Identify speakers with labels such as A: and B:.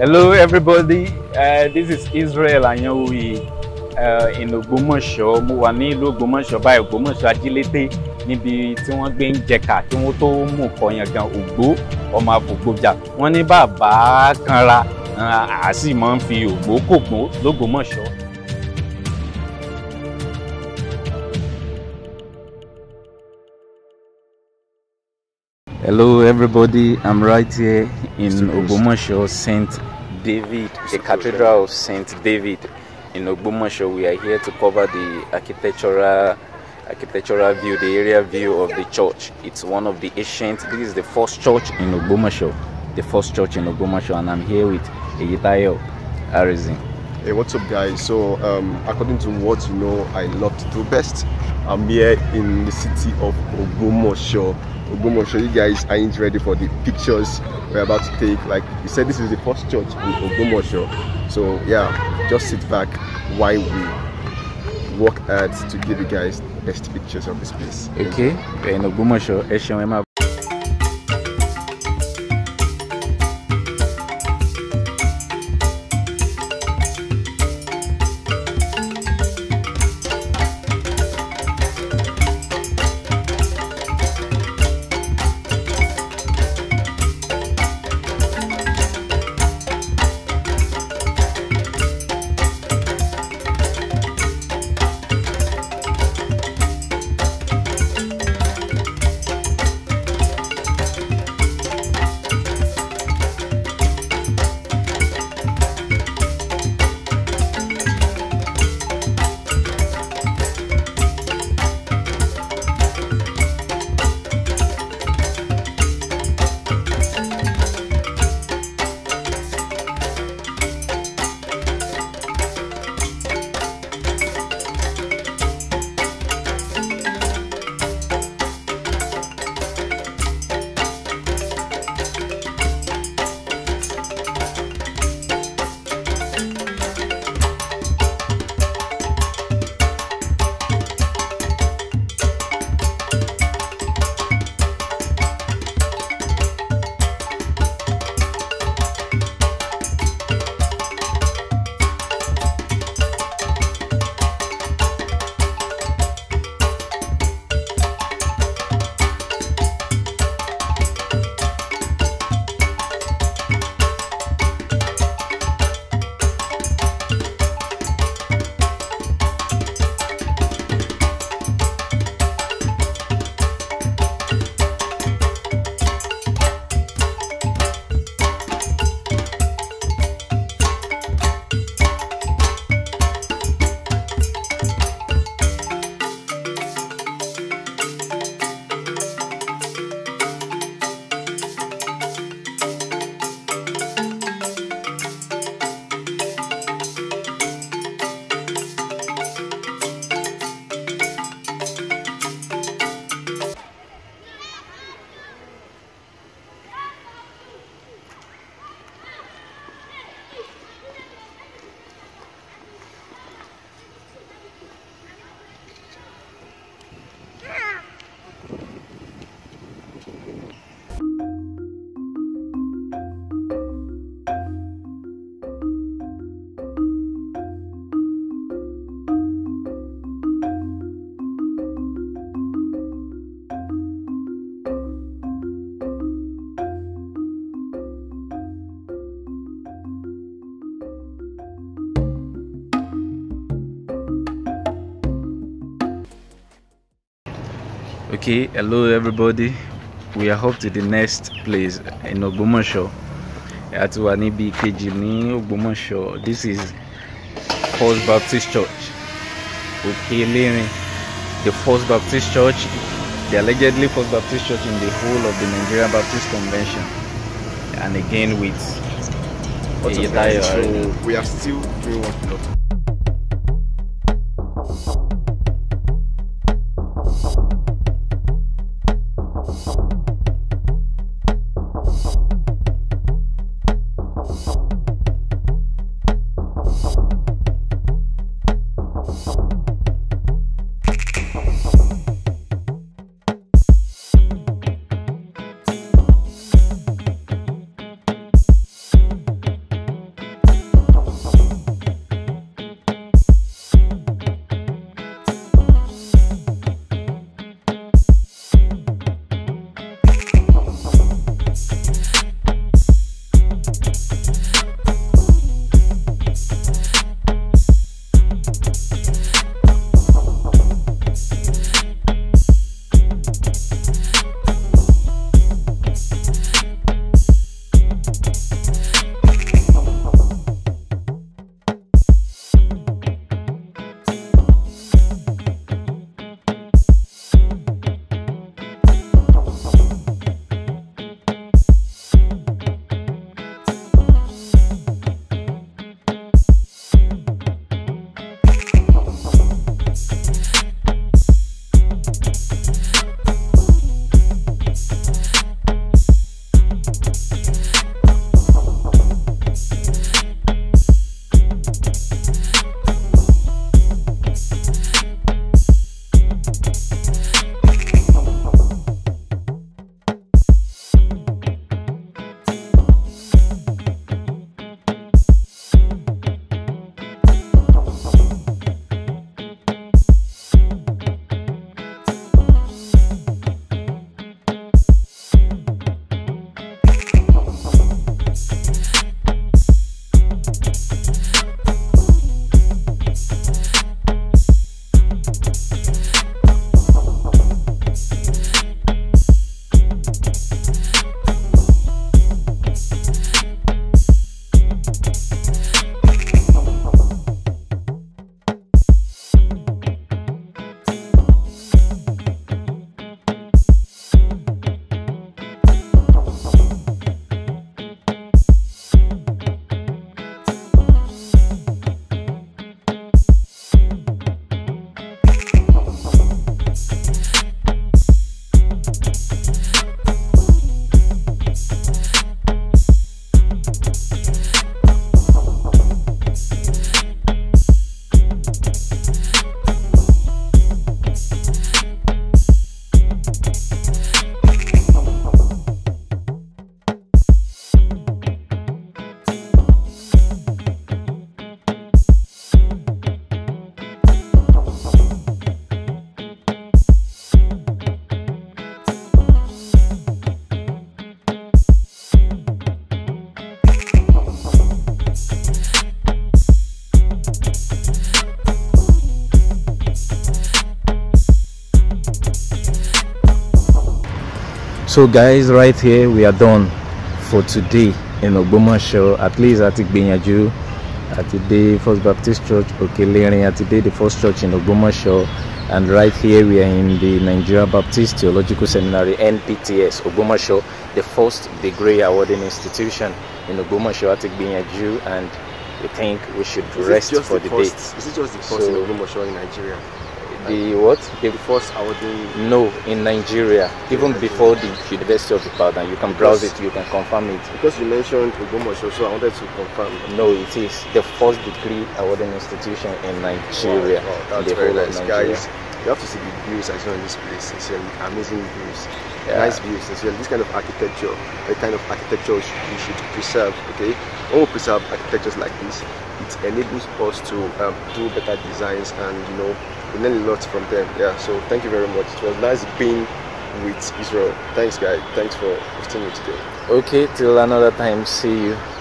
A: Hello, everybody. Uh, this is Israel Ayanwuyi uh, in Ògbómọ̀ṣọ́. Mo wà ní ìlú Ògbómọ̀ṣọ́ báyìí Ògbómọ̀ṣọ́ Ajílété níbi tí wọ́n gbé ń jẹka kí wọ́n tó mú kọyàn gan ògbó ọmọ àfògbòjà. Wọ́n ní bàbá kanra àá uh, sì máa ń fi ògbó kògbó l'Ógbómọ̀ṣọ́. Hello, everybody. I'm right here in Ogbomoso, St. David, the Cathedral of St. David in Ogbomoso. We are here to cover the architectural architectural view, the area view of the church. It's one of the ancient, this is the first church in Ogbomoso, the first church in Ogbomoso and I'm here with Eyitayo
B: Arizin. Hey, what's up guys? So um, according to what you know, I love to do best. I'm here in the city of Ogumosho. Ogumosho, you guys aren't ready for the pictures we're about to take. Like you said, this is the first church in Ogumosho. So yeah, just sit back while we walk hard to give you guys best pictures of this place.
A: Okay, in Ogumosho, okay hello everybody we are up to the next place in Ogbomoso àti wà níbi kejì this is First Baptist Church okay lerin the First Baptist Church the allegedly First Baptist Church in the whole of the Nigerian Baptist Convention and again with what Eyetayo so
B: we are still doing what
A: so guys right here we are done for today in Ogbomoso at least a ti at àti First Baptist Church Òkèlérìn at Today the First Church in Ogbomoso and right here we are in the Nigeria Baptist Theological Seminary (NPTS) Ogbomoso the first degree awarding institution in being a Jew, and we think we should rest for the, the first, day. Is
B: it just the first so, in in Nigeria?
A: the what? The,
B: first awardee.
A: No, in Nigeria, even Nigeria. before the University of Ibadan, you can browse it, you can confirm it.
B: Because you mentioned Ogbomoso, so I wanted to confirm. No, it is the first degree awarding institution
A: in Nigeria. Wow, wow that's very nice, guys.
B: You have to see the views as well in this place. It's really amazing views, yeah. nice views as well. This kind of architecture, the kind of architecture you should, preserve. Okay, all preserve architectures like this. It enables us to um, do better designs and you know we learned a lot from them. Yeah, so thank you very much. It was nice being with Israel. Thanks, guys. Thanks for hosting me today.
A: Okay, till another time. See you.